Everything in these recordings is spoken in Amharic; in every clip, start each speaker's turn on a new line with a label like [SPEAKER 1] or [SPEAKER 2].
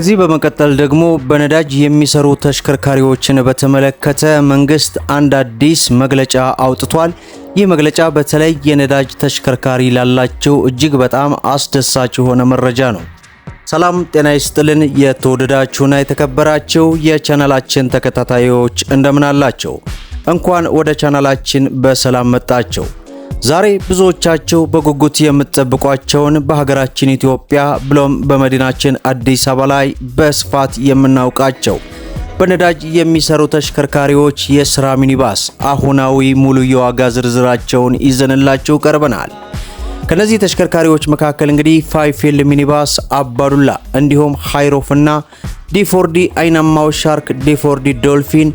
[SPEAKER 1] ከዚህ በመቀጠል ደግሞ በነዳጅ የሚሰሩ ተሽከርካሪዎችን በተመለከተ መንግስት አንድ አዲስ መግለጫ አውጥቷል። ይህ መግለጫ በተለይ የነዳጅ ተሽከርካሪ ላላቸው እጅግ በጣም አስደሳች የሆነ መረጃ ነው። ሰላም ጤና ይስጥልን። የተወደዳችሁና የተከበራችሁ የቻናላችን ተከታታዮች እንደምን አላቸው? እንኳን ወደ ቻናላችን በሰላም መጣቸው። ዛሬ ብዙዎቻቸው በጉጉት የምትጠብቋቸውን በሀገራችን ኢትዮጵያ ብሎም በመዲናችን አዲስ አበባ ላይ በስፋት የምናውቃቸው በነዳጅ የሚሰሩ ተሽከርካሪዎች የስራ ሚኒባስ አሁናዊ ሙሉ የዋጋ ዝርዝራቸውን ይዘንላችሁ ቀርበናል። ከነዚህ ተሽከርካሪዎች መካከል እንግዲህ ፋይፊልድ ሚኒባስ አባዱላ፣ እንዲሁም ሃይሮፍና ዲፎርዲ አይናማው ሻርክ፣ ዲፎርዲ ዶልፊን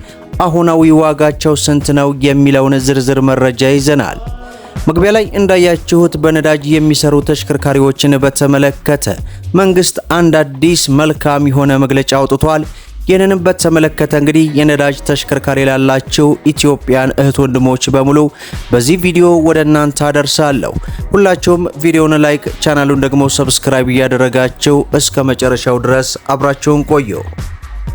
[SPEAKER 1] አሁናዊ ዋጋቸው ስንት ነው የሚለውን ዝርዝር መረጃ ይዘናል። መግቢያ ላይ እንዳያችሁት በነዳጅ የሚሰሩ ተሽከርካሪዎችን በተመለከተ መንግስት አንድ አዲስ መልካም የሆነ መግለጫ አውጥቷል። ይህንንም በተመለከተ እንግዲህ የነዳጅ ተሽከርካሪ ላላችሁ ኢትዮጵያን እህት ወንድሞች በሙሉ በዚህ ቪዲዮ ወደ እናንተ አደርሳለሁ። ሁላችሁም ቪዲዮውን ላይክ፣ ቻናሉን ደግሞ ሰብስክራይብ እያደረጋችሁ እስከ መጨረሻው ድረስ አብራችሁን ቆዩ።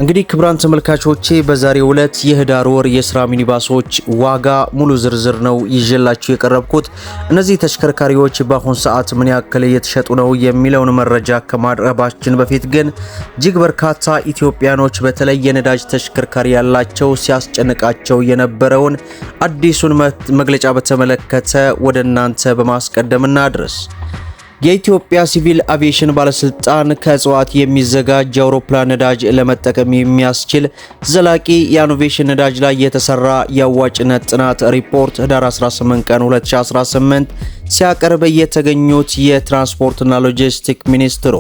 [SPEAKER 1] እንግዲህ ክብራን ተመልካቾቼ በዛሬው ዕለት የህዳር ወር የስራ ሚኒባሶች ዋጋ ሙሉ ዝርዝር ነው ይዤላችሁ የቀረብኩት። እነዚህ ተሽከርካሪዎች በአሁን ሰዓት ምን ያክል እየተሸጡ ነው የሚለውን መረጃ ከማድረባችን በፊት ግን እጅግ በርካታ ኢትዮጵያኖች በተለይ የነዳጅ ተሽከርካሪ ያላቸው ሲያስጨንቃቸው የነበረውን አዲሱን መግለጫ በተመለከተ ወደ እናንተ በማስቀደም እናድረስ። የኢትዮጵያ ሲቪል አቪዬሽን ባለስልጣን ከእጽዋት የሚዘጋጅ የአውሮፕላን ነዳጅ ለመጠቀም የሚያስችል ዘላቂ የኢኖቬሽን ነዳጅ ላይ የተሰራ የአዋጭነት ጥናት ሪፖርት ህዳር 18 ቀን 2018 ሲያቀርብ የተገኙት የትራንስፖርትና ሎጂስቲክ ሚኒስትሩ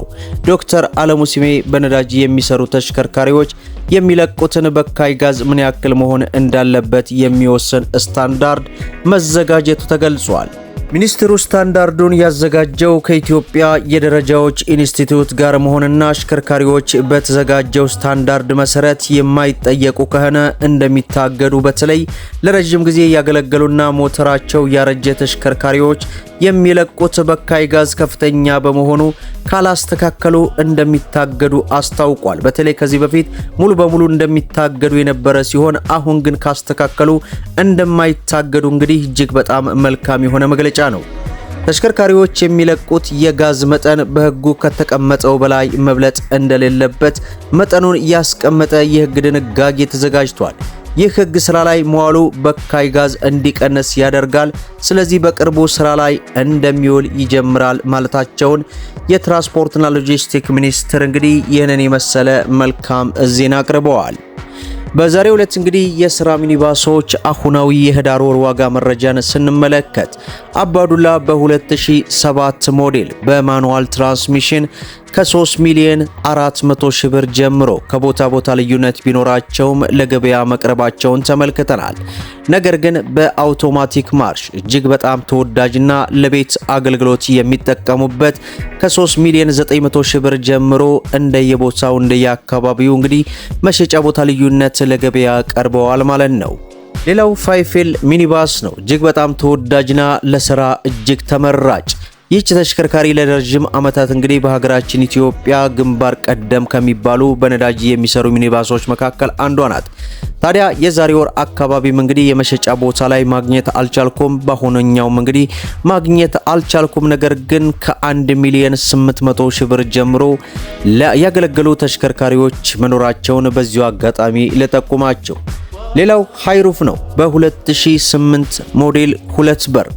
[SPEAKER 1] ዶክተር አለሙ ሲሜ በነዳጅ የሚሰሩ ተሽከርካሪዎች የሚለቁትን በካይ ጋዝ ምን ያክል መሆን እንዳለበት የሚወስን ስታንዳርድ መዘጋጀቱ ተገልጿል። ሚኒስትሩ ስታንዳርዱን ያዘጋጀው ከኢትዮጵያ የደረጃዎች ኢንስቲትዩት ጋር መሆንና አሽከርካሪዎች በተዘጋጀው ስታንዳርድ መሰረት የማይጠየቁ ከሆነ እንደሚታገዱ በተለይ ለረዥም ጊዜ ያገለገሉና ሞተራቸው ያረጀ ተሽከርካሪዎች የሚለቁት በካይ ጋዝ ከፍተኛ በመሆኑ ካላስተካከሉ እንደሚታገዱ አስታውቋል። በተለይ ከዚህ በፊት ሙሉ በሙሉ እንደሚታገዱ የነበረ ሲሆን አሁን ግን ካስተካከሉ እንደማይታገዱ እንግዲህ እጅግ በጣም መልካም የሆነ መግለጫ ብልጫ ነው። ተሽከርካሪዎች የሚለቁት የጋዝ መጠን በሕጉ ከተቀመጠው በላይ መብለጥ እንደሌለበት መጠኑን ያስቀመጠ የሕግ ድንጋጌ ተዘጋጅቷል። ይህ ሕግ ስራ ላይ መዋሉ በካይ ጋዝ እንዲቀንስ ያደርጋል። ስለዚህ በቅርቡ ስራ ላይ እንደሚውል ይጀምራል ማለታቸውን የትራንስፖርትና ሎጂስቲክ ሚኒስትር እንግዲህ ይህንን የመሰለ መልካም ዜና አቅርበዋል። በዛሬው ዕለት እንግዲህ የስራ ሚኒባሶች አሁናዊ የህዳር ወር ዋጋ መረጃን ስንመለከት አባዱላ በ2007 ሞዴል በማኑዋል ትራንስሚሽን ከ3 ሚሊዮን 400 ሺህ ብር ጀምሮ ከቦታ ቦታ ልዩነት ቢኖራቸውም ለገበያ መቅረባቸውን ተመልክተናል። ነገር ግን በአውቶማቲክ ማርሽ እጅግ በጣም ተወዳጅና ለቤት አገልግሎት የሚጠቀሙበት ከ3 ሚሊዮን 900 ሺህ ብር ጀምሮ እንደየቦታው እንደየአካባቢው እንግዲህ መሸጫ ቦታ ልዩነት ለገበያ ቀርበዋል ማለት ነው። ሌላው ፋይፌል ሚኒባስ ነው። እጅግ በጣም ተወዳጅና ለስራ እጅግ ተመራጭ ይህች ተሽከርካሪ ለረዥም ዓመታት እንግዲህ በሀገራችን ኢትዮጵያ ግንባር ቀደም ከሚባሉ በነዳጅ የሚሰሩ ሚኒባሶች መካከል አንዷ ናት። ታዲያ የዛሬ ወር አካባቢም እንግዲህ የመሸጫ ቦታ ላይ ማግኘት አልቻልኩም፣ በሆነኛውም እንግዲህ ማግኘት አልቻልኩም። ነገር ግን ከ1 ሚሊዮን 800 ሺህ ብር ጀምሮ ያገለገሉ ተሽከርካሪዎች መኖራቸውን በዚሁ አጋጣሚ ልጠቁማቸው። ሌላው ሃይሩፍ ነው። በ2008 ሞዴል ሁለት በር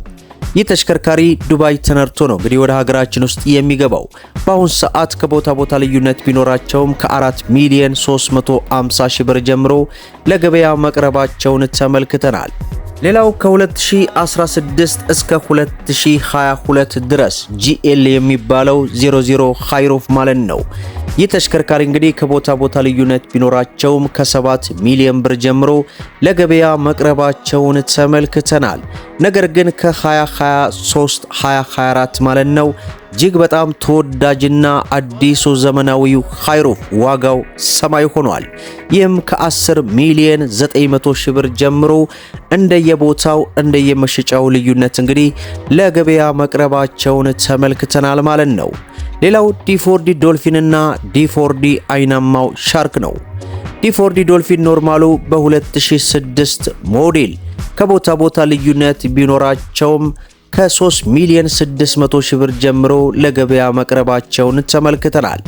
[SPEAKER 1] ይህ ተሽከርካሪ ዱባይ ተነርቶ ነው እንግዲህ ወደ ሀገራችን ውስጥ የሚገባው። በአሁን ሰዓት ከቦታ ቦታ ልዩነት ቢኖራቸውም ከ4 ሚሊዮን 350 ሺህ ብር ጀምሮ ለገበያ መቅረባቸውን ተመልክተናል። ሌላው ከ2016 እስከ 2022 ድረስ ጂኤል የሚባለው 00 ሃይሮፍ ማለት ነው ይህ ተሽከርካሪ እንግዲህ ከቦታ ቦታ ልዩነት ቢኖራቸውም ከሰባት ሚሊዮን ብር ጀምሮ ለገበያ መቅረባቸውን ተመልክተናል። ነገር ግን ከ2023 2024 ማለት ነው እጅግ በጣም ተወዳጅና አዲሱ ዘመናዊው ሃይሩፍ ዋጋው ሰማይ ሆኗል። ይህም ከ10 ሚሊዮን 900 ሺህ ብር ጀምሮ እንደየቦታው እንደየመሸጫው ልዩነት እንግዲህ ለገበያ መቅረባቸውን ተመልክተናል ማለት ነው። ሌላው ዲፎርዲ ዶልፊንና ዲፎርዲ አይናማው ሻርክ ነው። ዲፎርዲ ዶልፊን ኖርማሉ በ2006 ሞዴል ከቦታ ቦታ ልዩነት ቢኖራቸውም ከ3 ሚሊዮን 600 ሺህ ብር ጀምሮ ለገበያ መቅረባቸውን ተመልክተናል።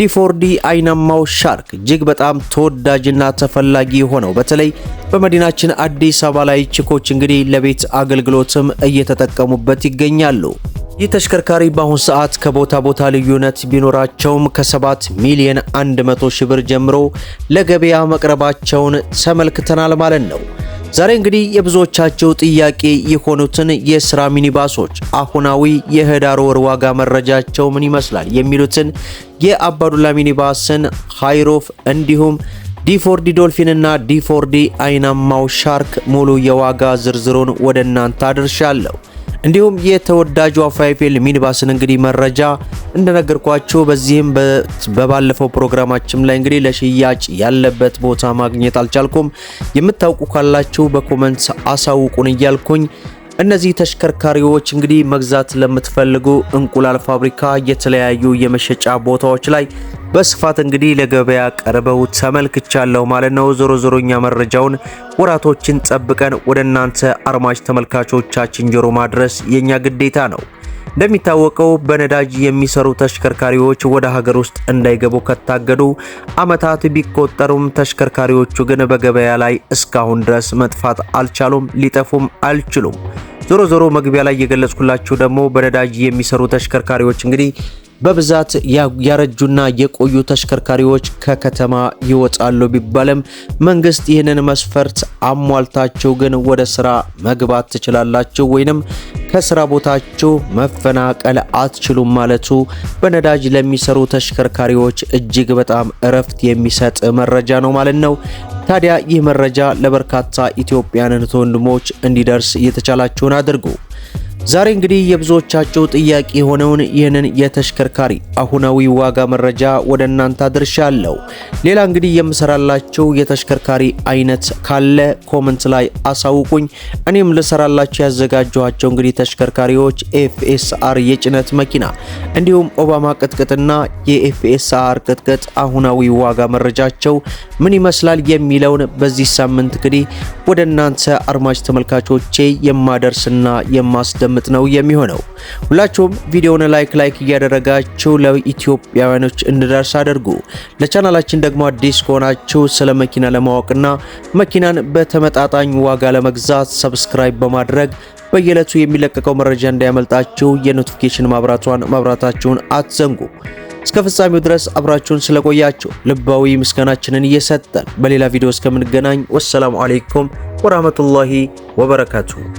[SPEAKER 1] ዲፎርዲ አይናማው ሻርክ እጅግ በጣም ተወዳጅና ተፈላጊ የሆነው በተለይ በመዲናችን አዲስ አበባ ላይ ችኮች እንግዲህ ለቤት አገልግሎትም እየተጠቀሙበት ይገኛሉ። ይህ ተሽከርካሪ በአሁን ሰዓት ከቦታ ቦታ ልዩነት ቢኖራቸውም ከ7 ሚሊዮን 100 ሺህ ብር ጀምሮ ለገበያ መቅረባቸውን ተመልክተናል ማለት ነው። ዛሬ እንግዲህ የብዙዎቻቸው ጥያቄ የሆኑትን የስራ ሚኒባሶች አሁናዊ የህዳር ወር ዋጋ መረጃቸው ምን ይመስላል የሚሉትን የአባዱላ ሚኒባስን ሃይሮፍ እንዲሁም ዲፎርዲ ዶልፊን እና ዲፎርዲ አይናማው ሻርክ ሙሉ የዋጋ ዝርዝሩን ወደ እናንተ አድርሻለሁ። እንዲሁም የተወዳጁ አፋይፌል ሚኒባስን እንግዲህ መረጃ እንደነገርኳችሁ በዚህም በባለፈው ፕሮግራማችን ላይ እንግዲህ ለሽያጭ ያለበት ቦታ ማግኘት አልቻልኩም። የምታውቁ ካላችሁ በኮመንት አሳውቁን እያልኩኝ እነዚህ ተሽከርካሪዎች እንግዲህ መግዛት ለምትፈልጉ እንቁላል ፋብሪካ የተለያዩ የመሸጫ ቦታዎች ላይ በስፋት እንግዲህ ለገበያ ቀርበው ተመልክቻለሁ ማለት ነው። ዞሮ ዞሮኛ መረጃውን ወራቶችን ጠብቀን ወደ እናንተ አርማጅ ተመልካቾቻችን ጆሮ ማድረስ የኛ ግዴታ ነው። እንደሚታወቀው በነዳጅ የሚሰሩ ተሽከርካሪዎች ወደ ሀገር ውስጥ እንዳይገቡ ከታገዱ ዓመታት ቢቆጠሩም ተሽከርካሪዎቹ ግን በገበያ ላይ እስካሁን ድረስ መጥፋት አልቻሉም፣ ሊጠፉም አልችሉም። ዞሮ ዞሮ መግቢያ ላይ የገለጽኩላችሁ ደግሞ በነዳጅ የሚሰሩ ተሽከርካሪዎች እንግዲህ በብዛት ያረጁና የቆዩ ተሽከርካሪዎች ከከተማ ይወጣሉ ቢባልም መንግስት ይህንን መስፈርት አሟልታችሁ ግን ወደ ስራ መግባት ትችላላችሁ ወይንም ከስራ ቦታችሁ መፈናቀል አትችሉም ማለቱ በነዳጅ ለሚሰሩ ተሽከርካሪዎች እጅግ በጣም እረፍት የሚሰጥ መረጃ ነው ማለት ነው። ታዲያ ይህ መረጃ ለበርካታ ኢትዮጵያን እህት ወንድሞች እንዲደርስ እየተቻላችሁን አድርጉ። ዛሬ እንግዲህ የብዙዎቻቸው ጥያቄ የሆነውን ይህንን የተሽከርካሪ አሁናዊ ዋጋ መረጃ ወደ እናንተ አድርሻለሁ። ሌላ እንግዲህ የምሰራላቸው የተሽከርካሪ አይነት ካለ ኮመንት ላይ አሳውቁኝ። እኔም ልሰራላችሁ ያዘጋጀኋቸው እንግዲህ ተሽከርካሪዎች ኤፍኤስአር የጭነት መኪና እንዲሁም ኦባማ ቅጥቅጥና የኤፍኤስአር ቅጥቅጥ አሁናዊ ዋጋ መረጃቸው ምን ይመስላል የሚለውን በዚህ ሳምንት እንግዲህ ወደ እናንተ አድማጭ ተመልካቾቼ የማደርስና የማስደ የምናስደምጥ ነው የሚሆነው። ሁላችሁም ቪዲዮውን ላይክ ላይክ እያደረጋችሁ ለኢትዮጵያውያኖች እንድደርስ አድርጉ። ለቻናላችን ደግሞ አዲስ ከሆናችሁ ስለ መኪና ለማወቅና መኪናን በተመጣጣኝ ዋጋ ለመግዛት ሰብስክራይብ በማድረግ በየዕለቱ የሚለቀቀው መረጃ እንዳያመልጣችሁ የኖቲፊኬሽን ማብራቷን ማብራታችሁን አትዘንጉ። እስከ ፍጻሜው ድረስ አብራችሁን ስለቆያችሁ ልባዊ ምስጋናችንን እየሰጠን በሌላ ቪዲዮ እስከምንገናኝ ወሰላሙ አሌይኩም ወራህመቱላሂ ወበረካቱሁ።